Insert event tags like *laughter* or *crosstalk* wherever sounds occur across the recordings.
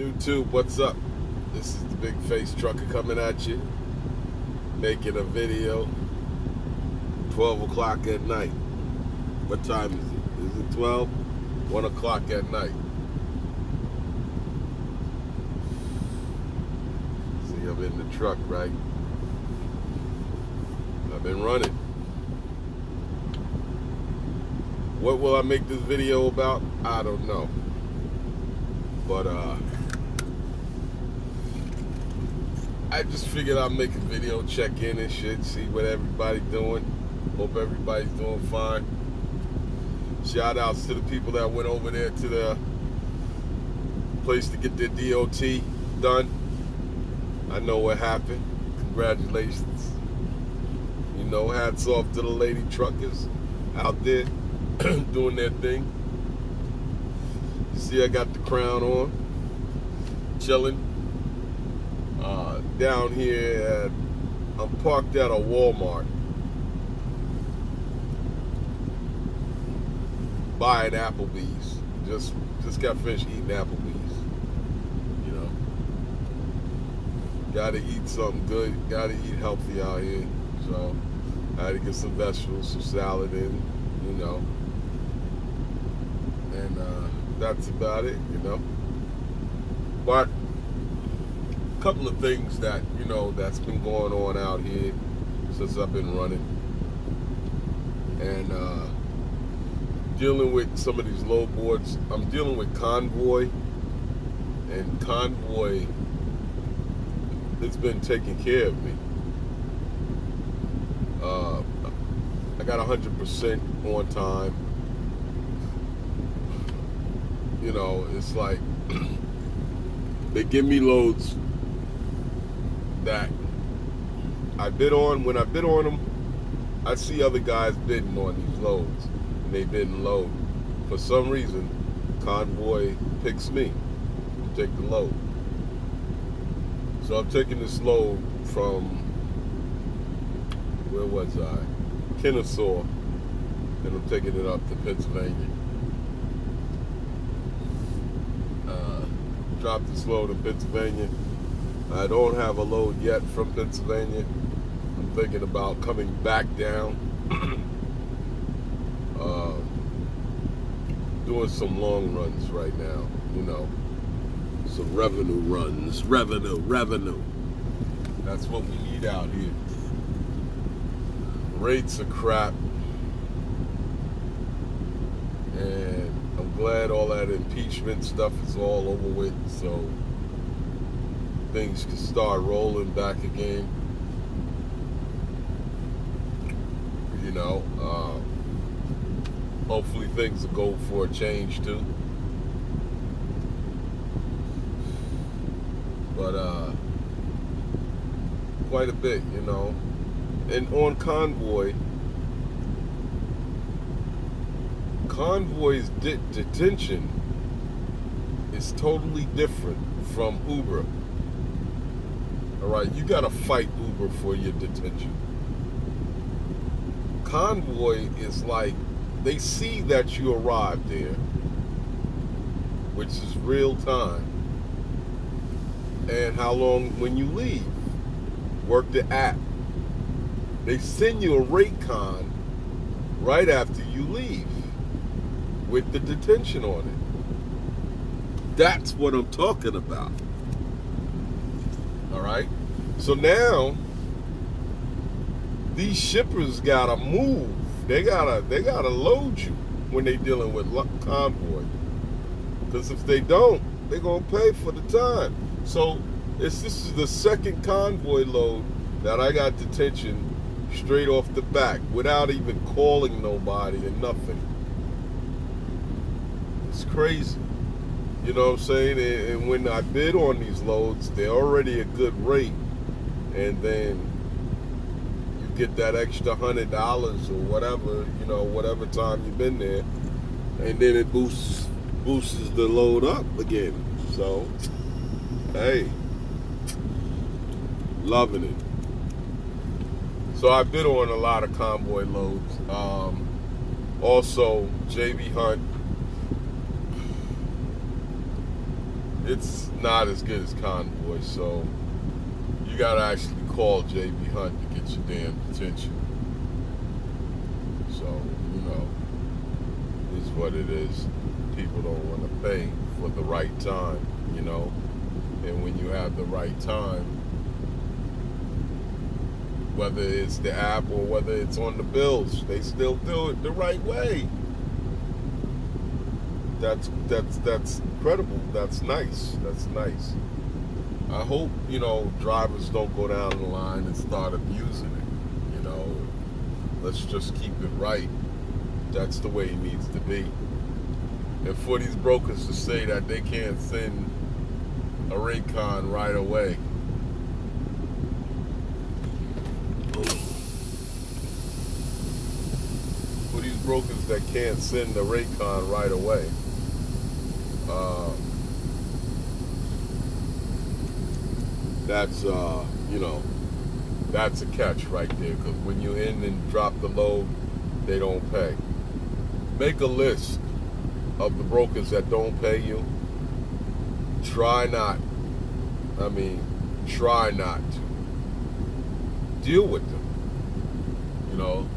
YouTube, what's up? This is the Big Face Trucker coming at you, making a video, 12 o'clock at night. What time is it? Is it 12? 1 o'clock at night. See, I'm in the truck, right? I've been running. What will I make this video about? I don't know. But, uh... I just figured I'd make a video, check in and shit, see what everybody's doing. Hope everybody's doing fine. Shout outs to the people that went over there to the place to get their DOT done. I know what happened. Congratulations. You know, hats off to the lady truckers out there *clears throat* doing their thing. You see, I got the crown on, chilling down here at, I'm parked at a Walmart. Buying Applebee's. Just just got finished eating Applebee's. You know. Gotta eat something good, gotta eat healthy out here. So I had to get some vegetables, some salad in, you know. And uh, that's about it, you know. But couple of things that you know that's been going on out here since I've been running, and uh, dealing with some of these low boards. I'm dealing with convoy, and convoy it's been taking care of me. Uh, I got 100% on time. You know, it's like *clears throat* they give me loads that I bid on. When I bid on them, I see other guys bidding on these loads, and they bidding low. For some reason, Convoy picks me to take the load. So I'm taking this load from where was I? Kennesaw, and I'm taking it up to Pennsylvania. Uh, dropped this load in Pennsylvania I don't have a load yet from Pennsylvania. I'm thinking about coming back down, *clears throat* uh, doing some long runs right now, you know, some revenue runs, revenue, revenue. That's what we need out here. Rates are crap. And I'm glad all that impeachment stuff is all over with, so things can start rolling back again. You know, um, hopefully things will go for a change too. But uh, quite a bit, you know. And on convoy, convoy's de- detention is totally different from Uber. All right, you got to fight Uber for your detention. Convoy is like they see that you arrived there, which is real time, and how long when you leave. Work the app. They send you a Raycon right after you leave with the detention on it. That's what I'm talking about. So now these shippers gotta move. They gotta they gotta load you when they dealing with convoy. Because if they don't, they're gonna pay for the time. So it's this is the second convoy load that I got detention straight off the back without even calling nobody and nothing. It's crazy. You know what I'm saying? And, and when I bid on these loads, they're already a good rate and then you get that extra hundred dollars or whatever, you know, whatever time you've been there, and then it boosts boosts the load up again. So, hey, loving it. So I've been on a lot of convoy loads. Um, also, JB Hunt. It's not as good as convoy, so got to actually call J.B. Hunt to get your damn attention. So, you know, it's what it is. People don't want to pay for the right time, you know? And when you have the right time, whether it's the app or whether it's on the bills, they still do it the right way. That's that's that's incredible. That's nice. That's nice. I hope you know drivers don't go down the line and start abusing it. You know, let's just keep it right. That's the way it needs to be. And for these brokers to say that they can't send a Raycon right away. For these brokers that can't send the Raycon right away. Uh, that's uh, you know, that's a catch right there. Because when you in and drop the load, they don't pay. Make a list of the brokers that don't pay you. Try not. I mean, try not to deal with them. You know,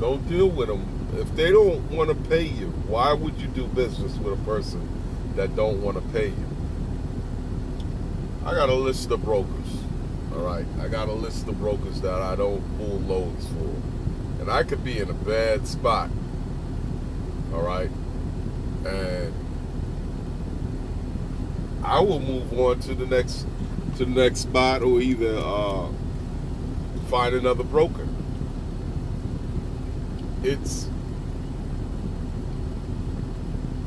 don't deal with them if they don't want to pay you. Why would you do business with a person that don't want to pay you? I got a list of brokers. All right, I got a list of brokers that I don't pull loans for, and I could be in a bad spot. All right, and I will move on to the next to the next spot or either uh, find another broker. It's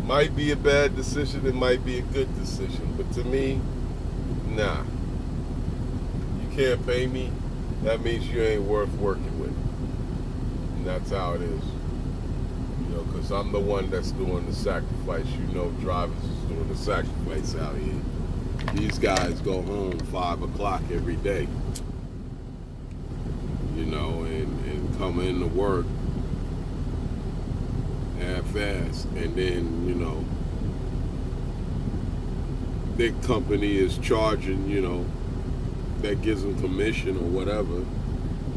might be a bad decision, it might be a good decision, but to me, nah. You can't pay me, that means you ain't worth working with. And that's how it is. You know, because I'm the one that's doing the sacrifice. You know, drivers is doing the sacrifice out here. These guys go home 5 o'clock every day. You know, and, and come to work half-assed. And then, you know, big company is charging, you know, that gives them commission or whatever.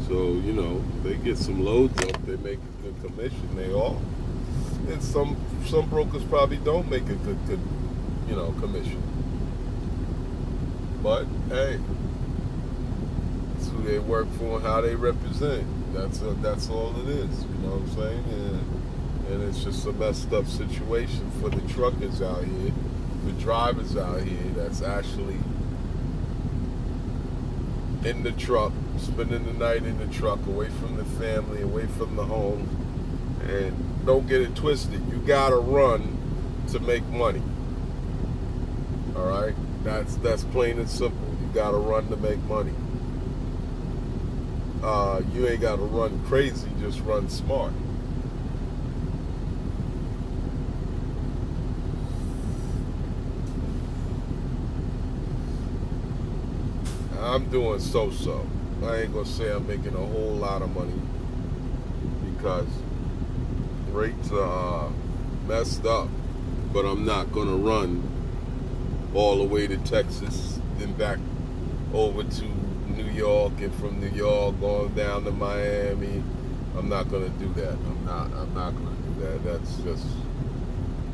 So, you know, they get some loads up, they make a good commission, they all. And some some brokers probably don't make a good, good you know, commission. But hey, it's who they work for and how they represent. That's a, uh, that's all it is. You know what I'm saying? And, and it's just a messed up situation for the truckers out here the drivers out here that's actually in the truck, spending the night in the truck, away from the family, away from the home. And don't get it twisted. You gotta run to make money. All right, that's that's plain and simple. You gotta run to make money. Uh, you ain't gotta run crazy. Just run smart. I'm doing so-so. I ain't gonna say I'm making a whole lot of money because rates are uh, messed up. But I'm not gonna run all the way to Texas, then back over to New York, and from New York going down to Miami. I'm not gonna do that. I'm not. I'm not gonna do that. That's just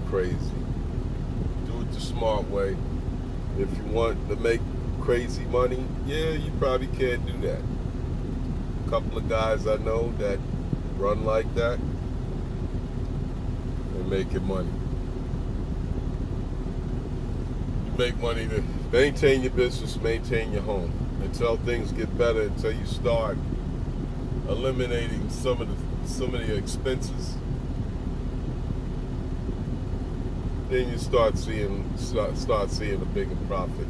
crazy. Do it the smart way. If you want to make crazy money, yeah, you probably can't do that. A couple of guys I know that run like that, they're making money. You make money to maintain your business, maintain your home. Until things get better, until you start eliminating some of the some of the expenses. Then you start seeing start, start seeing a bigger profit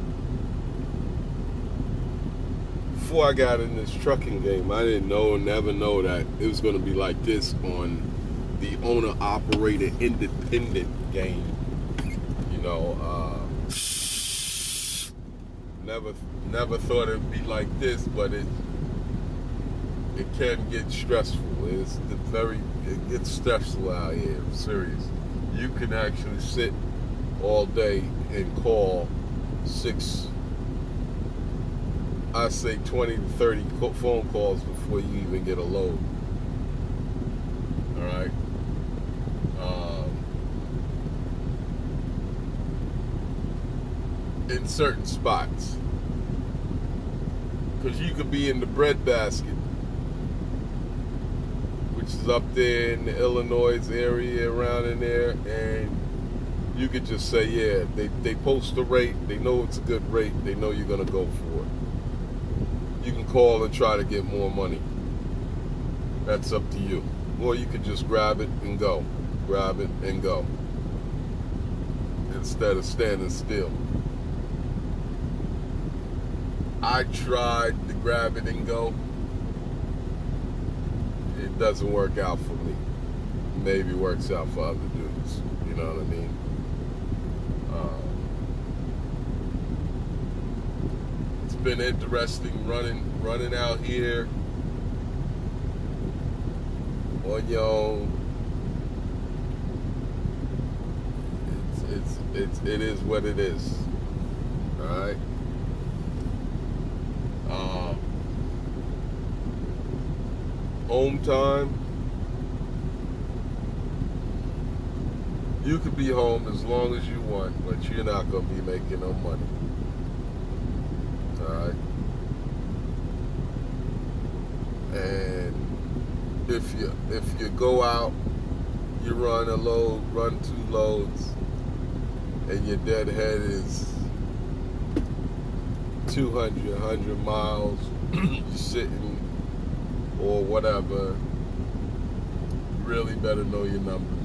before I got in this trucking game, I didn't know, never know that it was going to be like this on the owner operator independent game. You know, uh, never never thought it'd be like this, but it it can get stressful. It's the very it gets stressful out here. I'm serious. You can actually sit all day and call six I say 20 to 30 phone calls before you even get a load. All right. Um, in certain spots, because you could be in the breadbasket, which is up there in the Illinois area, around in there, and you could just say, yeah, they, they post the rate, they know it's a good rate, they know you're gonna go for it you can call and try to get more money. That's up to you. Or you could just grab it and go. Grab it and go. Instead of standing still. I tried to grab it and go. It doesn't work out for me. Maybe works out for other dudes. You know what I mean? been interesting running running out here on your own. It's, it's, it's it is what it is. All right. Uh, um, home time. You could be home as long as you want, but you're not gonna be making no money right? And if you if you go out, you run a load, run two loads, and your dead head is 200, 100 miles, *clears throat* you're sitting or whatever, you really better know your numbers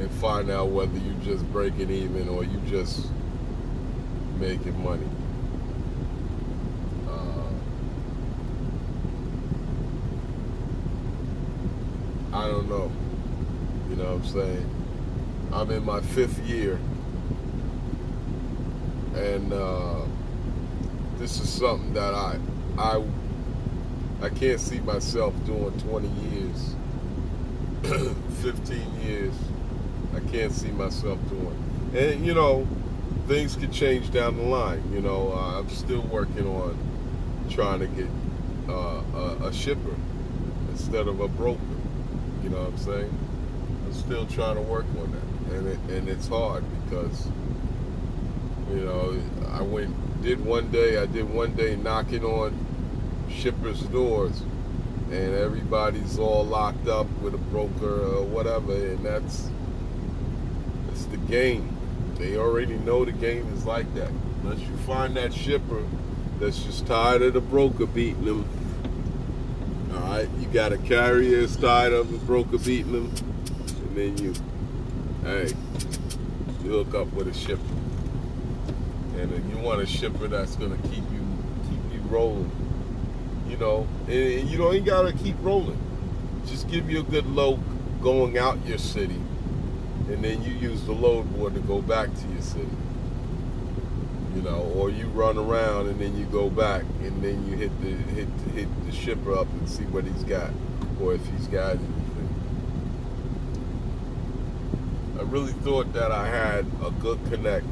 and find out whether you just breaking even or you just making money. don't know. You know what I'm saying? I'm in my fifth year. And uh, this is something that I, I, I can't see myself doing 20 years, *clears throat* 15 years. I can't see myself doing. And, you know, things could change down the line. You know, uh, I'm still working on trying to get uh, a, a shipper instead of a broker. You know what I'm saying? I'm still trying to work on that, and it, and it's hard because you know I went did one day I did one day knocking on shippers' doors, and everybody's all locked up with a broker or whatever, and that's it's the game. They already know the game is like that. Unless you find that shipper that's just tired of the broker beating them right? You got a carrier inside of a broker beating them, and then you, hey, you hook up with a shipper, and you want a shipper that's gonna keep you keep you rolling, you know, and you don't even gotta keep rolling. Just give you a good load going out your city, and then you use the load board to go back to your city you know, or you run around and then you go back and then you hit the hit hit the shipper up and see what he's got, or if he's got anything. I really thought that I had a good connect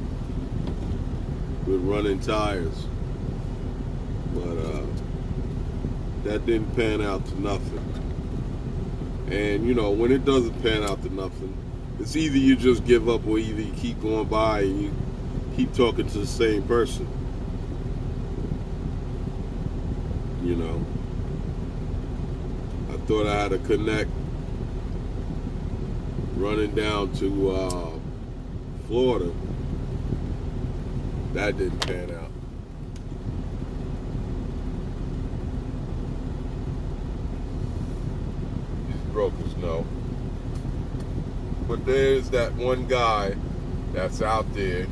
with running tires, but uh, that didn't pan out to nothing. And you know, when it doesn't pan out to nothing, it's either you just give up or either you keep going by and you keep talking to the same person. You know, I thought I had a connect running down to uh, Florida. That didn't pan out. These brokers know. But there's that one guy that's out there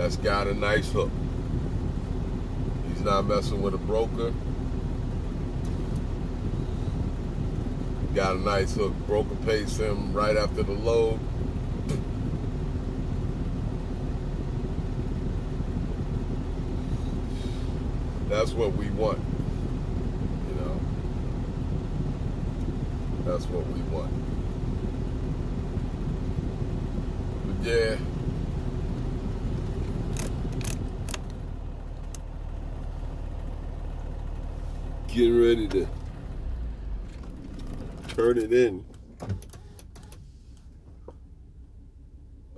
that's got a nice hook. He's not messing with a broker. Got a nice hook. Broker pays him right after the load. That's what we want. You know. That's what we want. But yeah. getting ready to turn it in.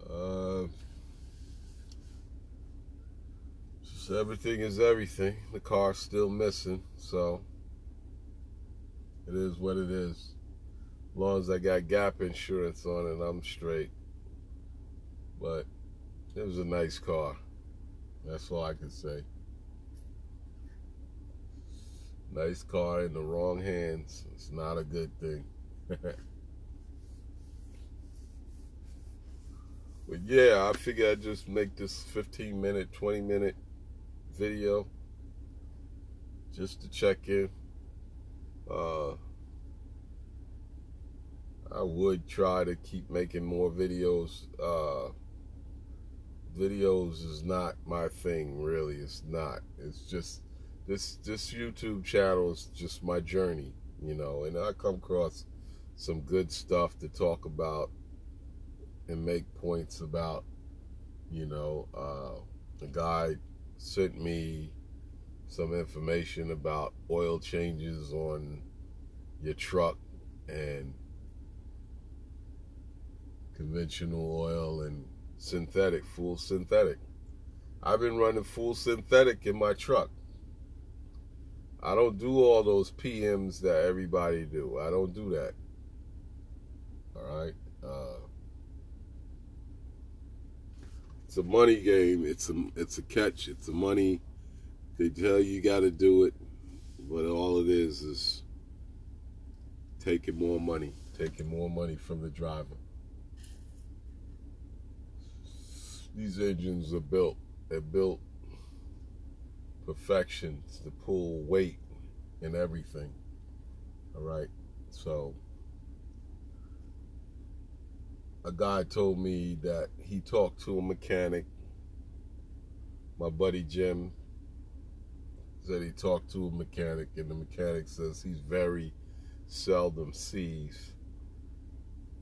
Uh, so everything is everything. The car's still missing, so it is what it is. As long as I got gap insurance on it, I'm straight. But it was a nice car. That's all I can say nice car in the wrong hands. It's not a good thing. *laughs* but yeah, I figure I just make this 15 minute, 20 minute video just to check in. Uh, I would try to keep making more videos. Uh, videos is not my thing, really. It's not. It's just this this YouTube channel is just my journey, you know, and I come across some good stuff to talk about and make points about. You know, uh, a guy sent me some information about oil changes on your truck and conventional oil and synthetic, full synthetic. I've been running full synthetic in my truck I don't do all those PMs that everybody do. I don't do that. All right. Uh, it's a money game. It's a it's a catch. It's a money. They tell you, you got to do it, but all it is is taking more money, taking more money from the driver. These engines are built. They're built Perfection to pull weight and everything. All right. So a guy told me that he talked to a mechanic. My buddy Jim said he talked to a mechanic, and the mechanic says he's very seldom sees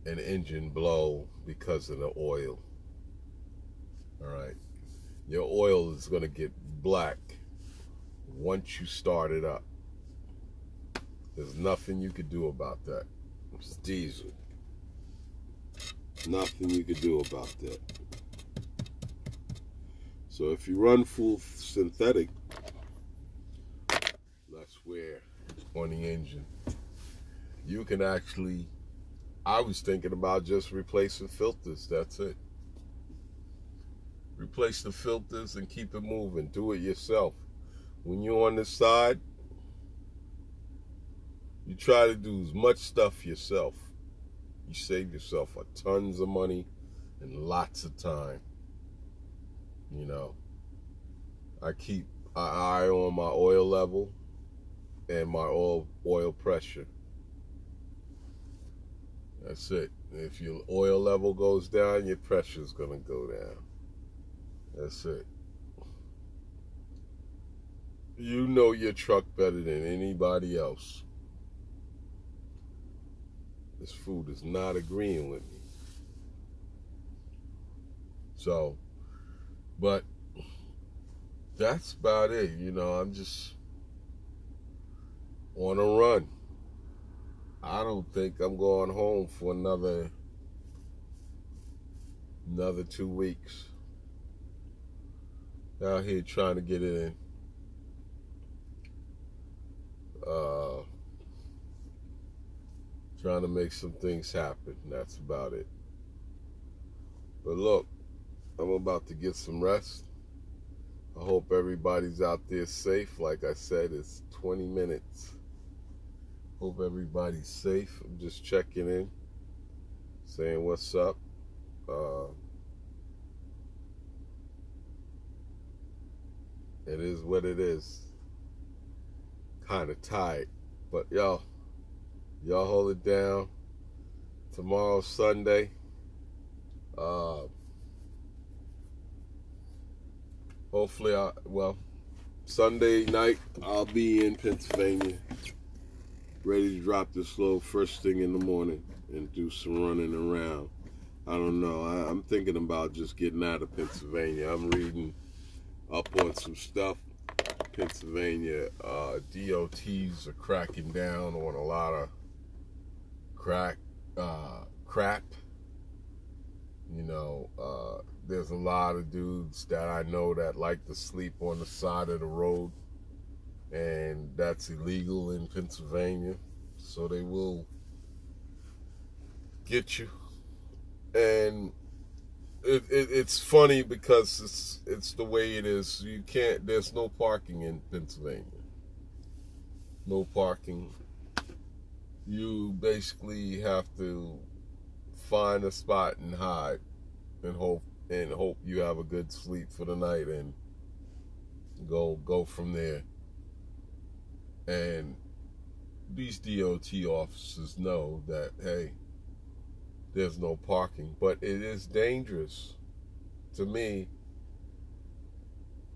an engine blow because of the oil. All right. Your oil is going to get black once you start it up. There's nothing you could do about that. It's diesel. Nothing you could do about that. So if you run full synthetic, less wear on the engine, you can actually, I was thinking about just replacing filters. That's it. Replace the filters and keep it moving. Do it yourself. When you're on the side, you try to do as much stuff yourself. You save yourself a tons of money and lots of time. You know, I keep an eye on my oil level and my oil oil pressure. That's it. If your oil level goes down, your pressure is gonna go down. That's it. You know your truck better than anybody else. This food is not agreeing with me. So, but that's about it. You know, I'm just on a run. I don't think I'm going home for another another two weeks. Out here trying to get it in uh, trying to make some things happen. That's about it. But look, I'm about to get some rest. I hope everybody's out there safe. Like I said, it's 20 minutes. Hope everybody's safe. I'm just checking in, saying what's up. Uh, it is what it is kind of tight, But y'all, y'all hold it down. Tomorrow, Sunday. Uh, hopefully, I well, Sunday night I'll be in Pennsylvania, ready to drop this load first thing in the morning and do some running around. I don't know. I, I'm thinking about just getting out of Pennsylvania. I'm reading up on some stuff Pennsylvania, uh, DOTs are cracking down on a lot of crack uh, crap. You know, uh, there's a lot of dudes that I know that like to sleep on the side of the road, and that's illegal in Pennsylvania. So they will get you. And it, it, it's funny because it's it's the way it is. You can't. There's no parking in Pennsylvania. No parking. You basically have to find a spot and hide, and hope and hope you have a good sleep for the night, and go go from there. And these DOT officers know that hey, there's no parking. But it is dangerous. To me,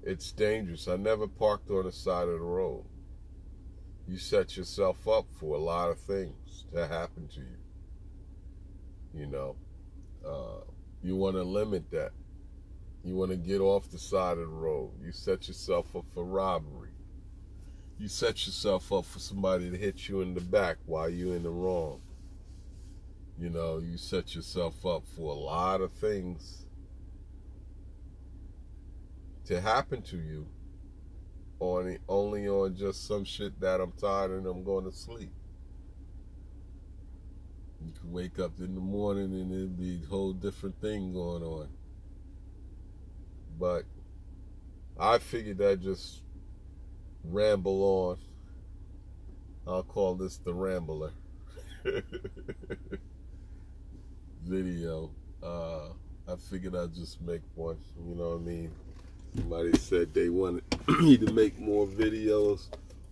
it's dangerous. I never parked on the side of the road. You set yourself up for a lot of things to happen to you. You know, uh, you want to limit that. You want to get off the side of the road. You set yourself up for robbery. You set yourself up for somebody to hit you in the back while you're in the wrong you know, you set yourself up for a lot of things to happen to you on only on just some shit that I'm tired and I'm going to sleep. You can wake up in the morning and it'll be a whole different thing going on. But I figured I'd just ramble on. I'll call this the Rambler. *laughs* video, uh, I figured I'd just make one. You know what I mean? Somebody said they wanted *clears throat* me to make more videos.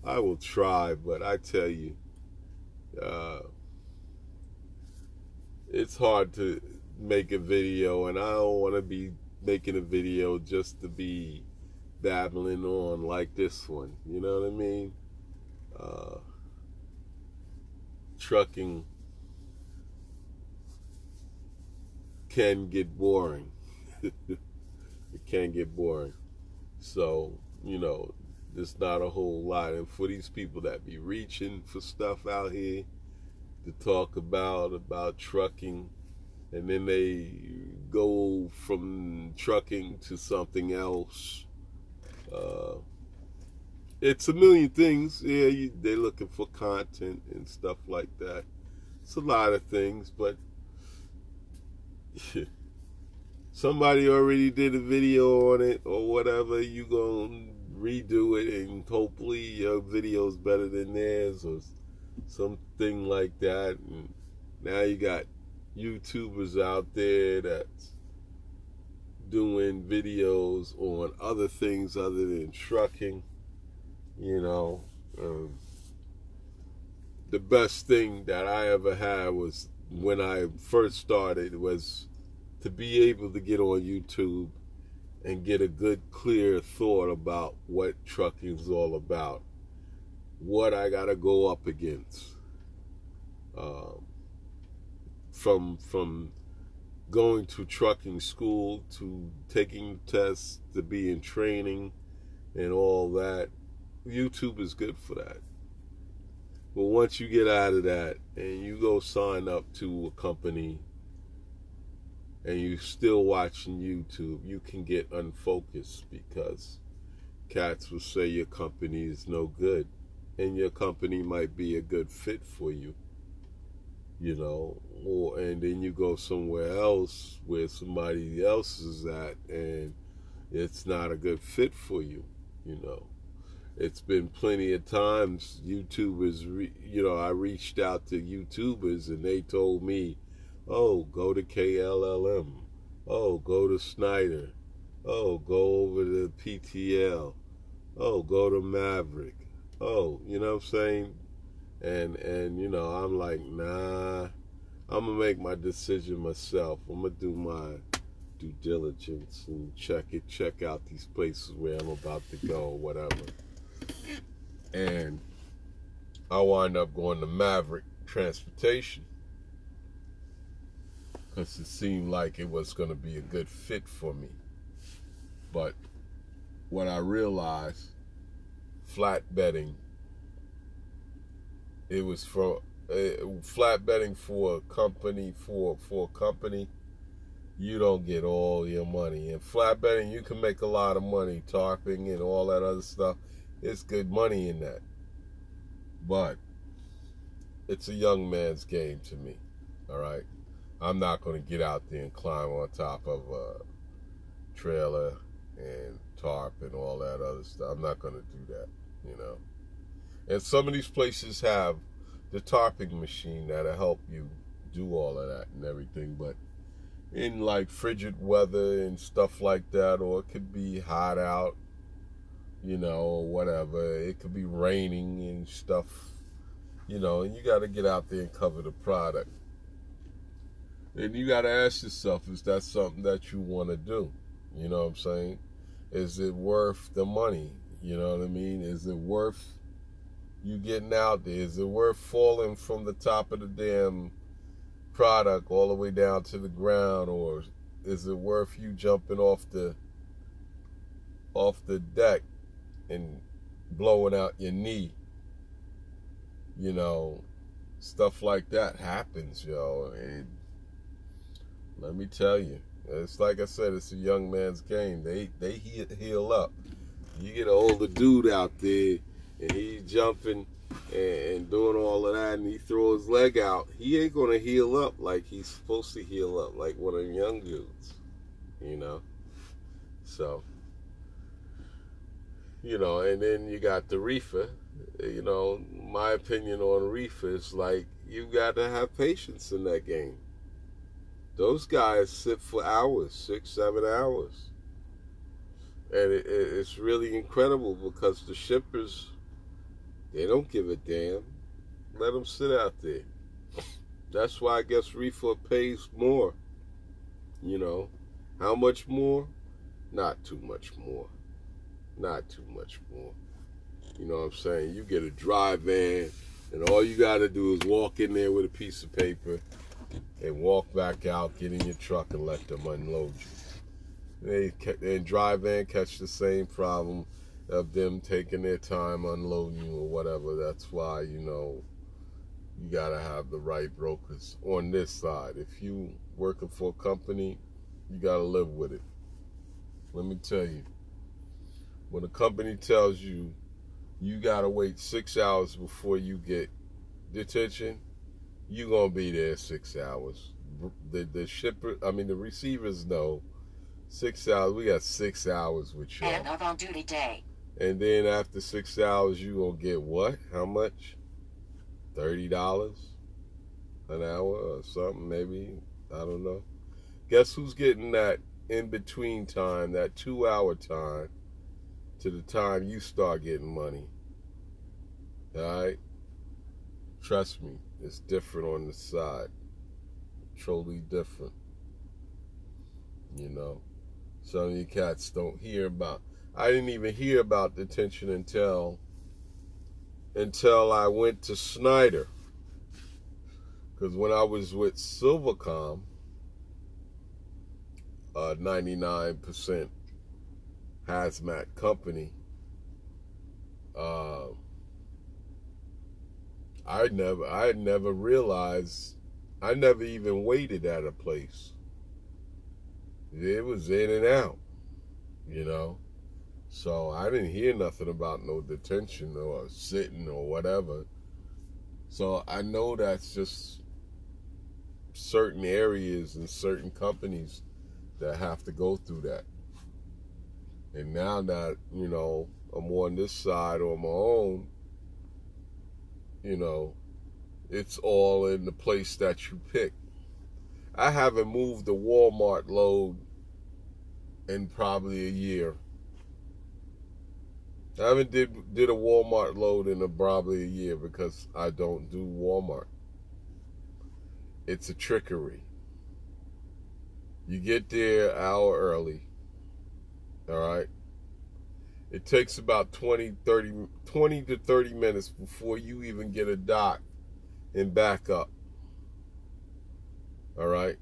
I will try, but I tell you, uh, it's hard to make a video, and I don't want to be making a video just to be babbling on like this one. You know what I mean? Uh, trucking can get boring. *laughs* it can get boring. So, you know, there's not a whole lot. And for these people that be reaching for stuff out here to talk about, about trucking, and then they go from trucking to something else. Uh, it's a million things. Yeah, you, they're looking for content and stuff like that. It's a lot of things, but *laughs* somebody already did a video on it or whatever, you gonna redo it and hopefully your video's better than theirs or something like that. And now you got YouTubers out there that's doing videos on other things other than trucking, you know. Um, the best thing that I ever had was when I first started was to be able to get on YouTube and get a good, clear thought about what trucking is all about, what I got to go up against. Um, from from going to trucking school to taking tests to be in training and all that, YouTube is good for that. But once you get out of that, and you go sign up to a company and you still watching YouTube, you can get unfocused because cats will say your company is no good and your company might be a good fit for you. You know, or and then you go somewhere else where somebody else is at and it's not a good fit for you, you know it's been plenty of times YouTubers, re, you know, I reached out to YouTubers and they told me, oh, go to KLLM. Oh, go to Snyder. Oh, go over to PTL. Oh, go to Maverick. Oh, you know what I'm saying? And, and you know, I'm like, nah, I'm going to make my decision myself. I'm going to do my due diligence and check it, check out these places where I'm about to go, whatever and I wind up going to Maverick Transportation because it seemed like it was going to be a good fit for me. But what I realized, flat betting, it was for uh, flat betting for a company for for a company. You don't get all your money. And flat betting, you can make a lot of money, tarping and all that other stuff it's good money in that. But it's a young man's game to me. All right. I'm not going to get out there and climb on top of a trailer and tarp and all that other stuff. I'm not going to do that, you know. And some of these places have the tarping machine that'll help you do all of that and everything, but in like frigid weather and stuff like that, or it could be hot out you know, whatever. It could be raining and stuff, you know, and you got to get out there and cover the product. And you got to ask yourself, is that something that you want to do? You know what I'm saying? Is it worth the money? You know what I mean? Is it worth you getting out there? Is it worth falling from the top of the damn product all the way down to the ground or is it worth you jumping off the off the deck and blowing out your knee. You know, stuff like that happens, yo. let me tell you, it's like I said, it's a young man's game. They they heal up. You get an older dude out there, and he's jumping and, doing all of that, and he throws his leg out. He ain't gonna heal up like he's supposed to heal up, like one of young dudes, you know. So you know, and then you got the reefer. You know, my opinion on reefer is like you got to have patience in that game. Those guys sit for hours, six, seven hours, and it, it, it's really incredible because the shippers, they don't give a damn. Let them sit out there. That's why I guess reefer pays more. You know, how much more? Not too much more not too much more. You know what I'm saying? You get a dry van, and all you got to do is walk in there with a piece of paper and walk back out, get in your truck, and let them unload you. They and dry van catch the same problem of them taking their time unloading you or whatever. That's why you know you gotta have the right brokers on this side. If you working for a company, you gotta live with it. Let me tell you when a company tells you you gotta wait six hours before you get detention, you gonna be there six hours. The the shipper, I mean the receivers know six hours. We got six hours with you. And on duty day. And then after six hours, you gonna get what? How much? Thirty dollars an hour or something, maybe. I don't know. Guess who's getting that in between time, that two hour time to the time you start getting money. All right? Trust me, it's different on the side. Totally different. You know, some of you cats don't hear about. I didn't even hear about detention until until I went to Snyder. Because when I was with Silvercom, uh, 99% hazmat company. Uh, I never, I never realized, I never even waited at a place. It was in and out, you know. So I didn't hear nothing about no detention or sitting or whatever. So I know that's just certain areas and certain companies that have to go through that. And now that, you know, I'm on this side on my own, you know, it's all in the place that you pick. I haven't moved the Walmart load in probably a year. I haven't did did a Walmart load in a, probably a year because I don't do Walmart. It's a trickery. You get there hour early all right. It takes about 20, 30, 20 to 30 minutes before you even get a dock and back up. All right.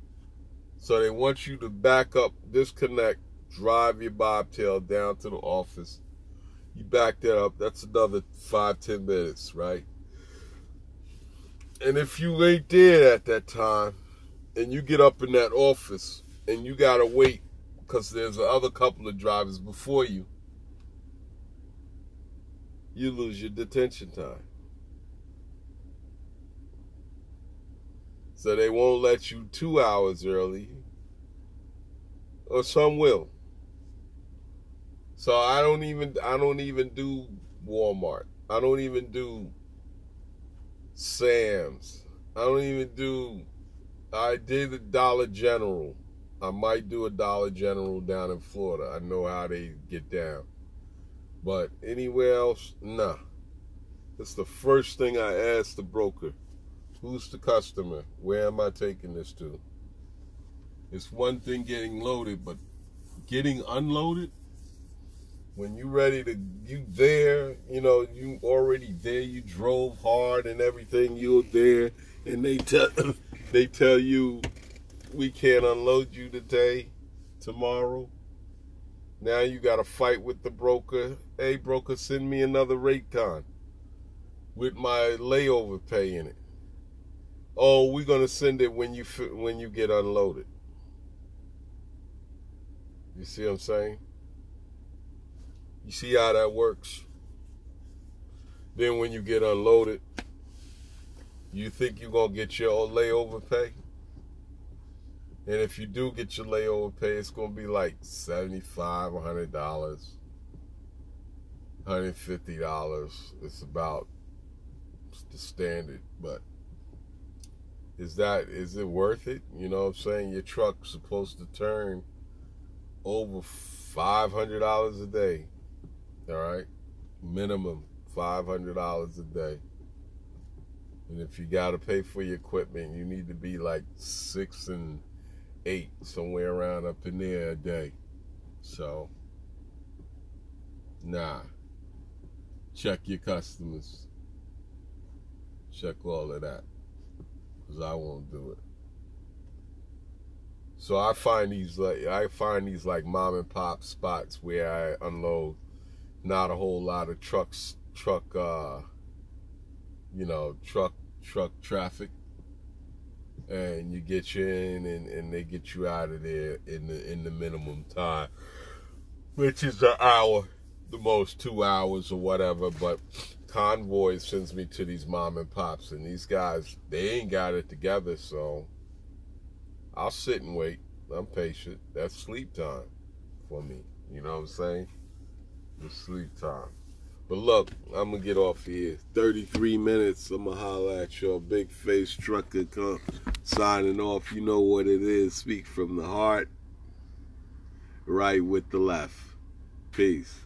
So they want you to back up, disconnect, drive your bobtail down to the office. You back that up. That's another five, ten minutes, right? And if you ain't there at that time and you get up in that office and you got to wait because there's other couple of drivers before you, you lose your detention time. So they won't let you two hours early, or some will. So I don't even I don't even do Walmart. I don't even do Sam's. I don't even do I did the Dollar General. I might do a Dollar General down in Florida. I know how they get down. But anywhere else, nah. That's the first thing I ask the broker. Who's the customer? Where am I taking this to? It's one thing getting loaded, but getting unloaded, when you are ready to you there, you know, you already there, you drove hard and everything, you're there, and they tell *laughs* they tell you we can't unload you today, tomorrow. Now you got to fight with the broker. Hey, broker, send me another rate con with my layover pay in it. Oh, we're gonna send it when you when you get unloaded. You see what I'm saying? You see how that works? Then when you get unloaded, you think you're gonna get your layover pay? And if you do get your layover pay, it's going to be like $75, $100, $150. It's about the standard, but is that is it worth it? You know what I'm saying? Your truck's supposed to turn over $500 a day. All right? Minimum $500 a day. And if you got to pay for your equipment, you need to be like 6 and eight, somewhere around up in there a day. So, nah. Check your customers. Check all of that. Because I won't do it. So I find these like I find these like mom and pop spots where I unload not a whole lot of trucks truck uh you know truck truck traffic and you get you in and, and they get you out of there in the in the minimum time which is an hour the most two hours or whatever but convoy sends me to these mom and pops and these guys they ain't got it together so i'll sit and wait i'm patient that's sleep time for me you know what i'm saying The sleep time but look, I'm gonna get off here. 33 minutes. I'm gonna holler at y'all. Big face trucker come signing off. You know what it is. Speak from the heart, right with the left. Peace.